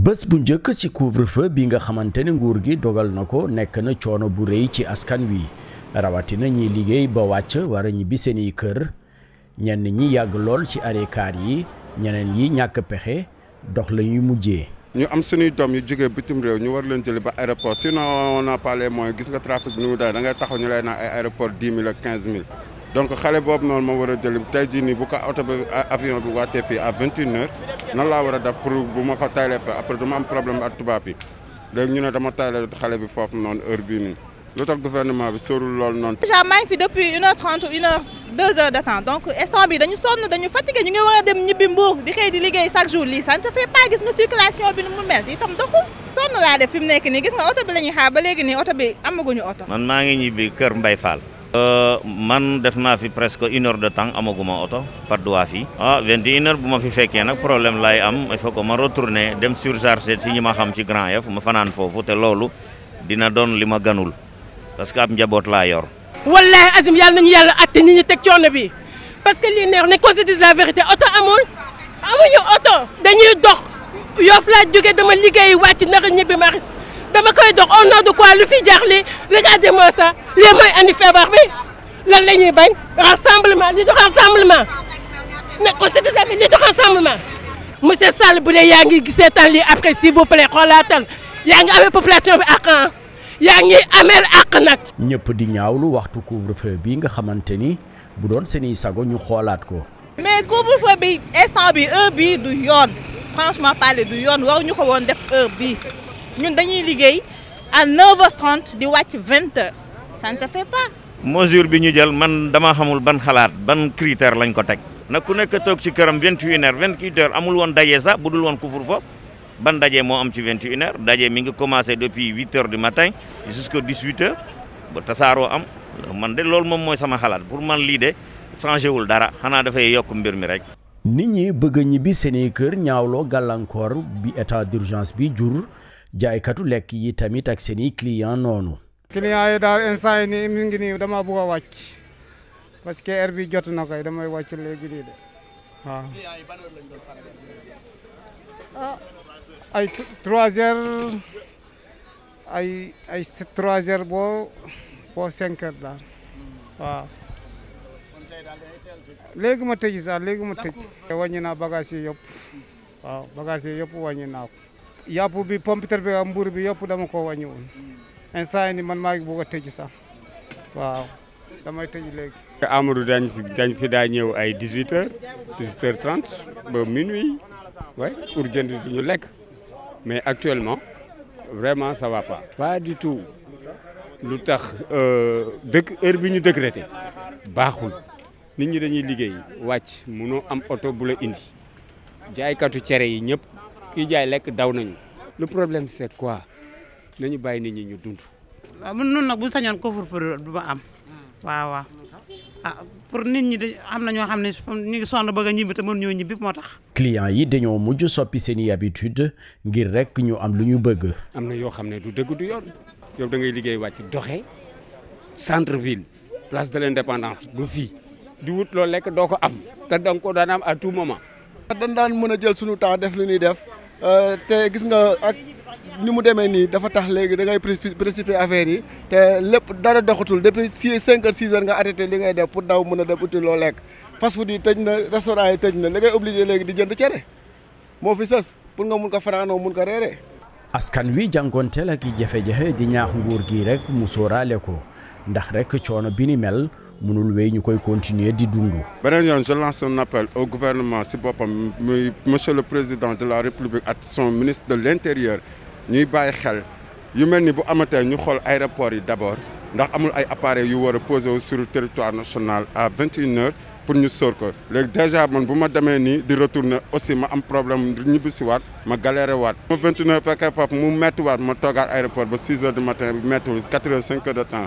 bés bu njëkk ci couvre-feu bi nga xamante ne nguur gi dogal na ko nekk na coono bu rëy ci askan wi rawatina ñi liggéey ba wàcc war a ñibbi seeni kër ñenn ñi yàgg lool ci arrêt car yi ñeneen yi ñàkk pexe dox la ñuy mujjee. ñu am suñuy doom yu jógee bitim réew ñu war leen jëli ba aéroport sinon n'a pas les gis nga trafic bi nu mu da ngay taxaw ñu lay naan ay aéroport dix mille mille donc xale boobu noonu moo war a jëli tey jii nii bu ko oto bi avion bi wàccee fii à vingt nan laa war a def pour bu ma fa taylee fa après du ma am problème a tubaab yi léegi ñu ne dama tayle xale bi foofu noonu heure bi nii lu tax gouvernement bi sóorul lool noonu. déjà maa ngi fi depuis une heure de temps donc instant bi dañu sonn dañu fatigué ñu ngi war a dem ñibbi Mbour di xëy di liggéey chaque jour lii ça ne se fait gis nga circulation bi nu mu mel itam doxul. sonn laa def fi mu nekk nii gis nga oto bi la ñuy xaar ba léegi nii oto bi amaguñu oto. man maa ngi ñibbi kër Mbaye Euh, man def naa fi presque une de temps amaguma oto par fi ah vingt et bu ma fi fekkee nag problème laay am il faut que ma retourner dem surcharger si ñi ma xam ci Grand Yoff ma fanaan foofu te loolu dina doon li ma ganul parce que ab njaboot laa yor. wallahi azim yàlla nañu yàlla atte ñi ñu teg coono bi parce que lii neex ne qu'on se dise la vérité oto amul amuñu oto dañuy dox Yoff laa jógee dama liggéey wàcc naka ñibbi maris dama koy dox au regardez-moi ça les mains andi feebar bi lan la bañ rassemblement li du rassemblement mais constitution bi li du rassemblement monsieur Sall bu dee yaa ngi gisee tan après s'il vous plaît xoolaatal yaa ngi amee population bi ak ah yaa ngi ameel ak nag. ñëpp di ñaawlu waxtu couvre-feu bii nga xamante ni bu doon seeni sago ñu xoolaat ko. mais couvre-feu bi instant bi heure bii du yon franchement parler du yoon waruñu ko woon def heure bii ñun dañuy liggéey. am 9 tent 30 di wàcc vingt h ça ne se fait bi ñu jël man dama xamul ban xalaat ban critère lañ ko teg. nag ku nekk toog ci këram 21 vingt 28h amul woon daje sax bu dul woon kufur foofu ban daje moo am ci 21h daje mi nga commencé depuis 8h du matin jusqu'à 18h ba tasaaroo am man de loolu moom mooy sama xalaat pour man lii de changé wul dara xanaa dafay yokk mbir mi rek. nit ñi bëgg a ñibbi seeni kër ñaawloo gàllankoor bi état d'urgence bi jur. jaaykatu lekk yi tamit ak seeni client noonu. client yi daal instant yi nii mi ngi nii dama bëgg a wàcc parce que heure bi jot na koy damay wàcc léegi nii de ah, ay trois heures ay ay trois heures boo boo cinq heures léegi ma tëj sax léegi ma tëj. wàññi naa bagage yi yëpp waaw bagage yëpp wàññi naa yàpp bi pompiteer bi ak mburu bi yëpp dama ko wàññi woon instant yii man maa ngi bëgg a tëj sax waaw damay tëj léegi. Amadou dañ fi dañ fi daa ñëw ay 18h 18h30 ba minuit way pour jënd ñu lekk mais actuellement vraiment ça va pas. pas du tout lu tax euh, dëkk heure bi ñu décrété baaxul nit ñi dañuy liggéey wàcc mënoo am oto bu la indi jaaykatu cere yi ñëpp. ki jaay lek daw nañu le problème c'est quoi nañu bay nit ñi ñu dund amun non nak bu sañon ko fur fur am waaw ah, pour nit ñi am na ñoo xam ne ñu ngi sonn bëgg a ñibbi te mënuñoo ñibbi moo tax client yi dañoo mujj soppi seen i habitude ngir rek ñu am lu ñu bëgg am na yoo xam ne du dëgg du yoon yow ville place de l' indépendance du fii di am te da nga ko daan am à tout moment def Eh, te gis nga ak ni mu demee nii dafa tax léegi da ngay précipé affaire yi te lépp dara doxatul depuis cinq heures six heures nga arrêté li ngay def pour daw mën a dem uti loo lekk fast food yi tëj na restaurant yi tëj na li ngay obligé léegi di jënd cere moo fi sës pour nga mun ko franoo mun ko réeree askan wi jàngonteel ak jafe-jafe di ñaax girek gi rek musóoraale ko ndax nous devons continuer de dire. Je lance un appel au gouvernement, M. monsieur le président de la République, à son ministre de l'Intérieur, nous devons faire des choses. Nous devons faire l'aéroport d'abord. Nous avons appareil, reposer sur le territoire national à 21h pour nous sortir. Déjà, si je suis dit de retourner, aussi, ma un problème de nous je galère. À 21h, je vais mettre l'aéroport à 6h du matin, 4h, 5h de temps.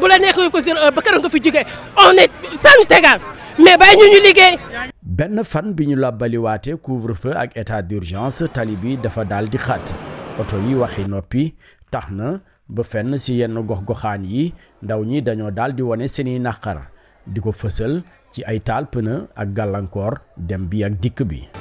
bu la ko si euh, ba nga fi jugee on est sans égal mais bay ñu ñu liggé benn fan bi ñu waté couvre-feu ak état d'urgence talibi dafa dal di xat auto yi waxi nopi taxna ba fenn ci yenn gox-goxaan yi ndaw ñi dañoo dal di wane seni naqar diko feussel ci ay taal ak galancor dem bi ak dik bi.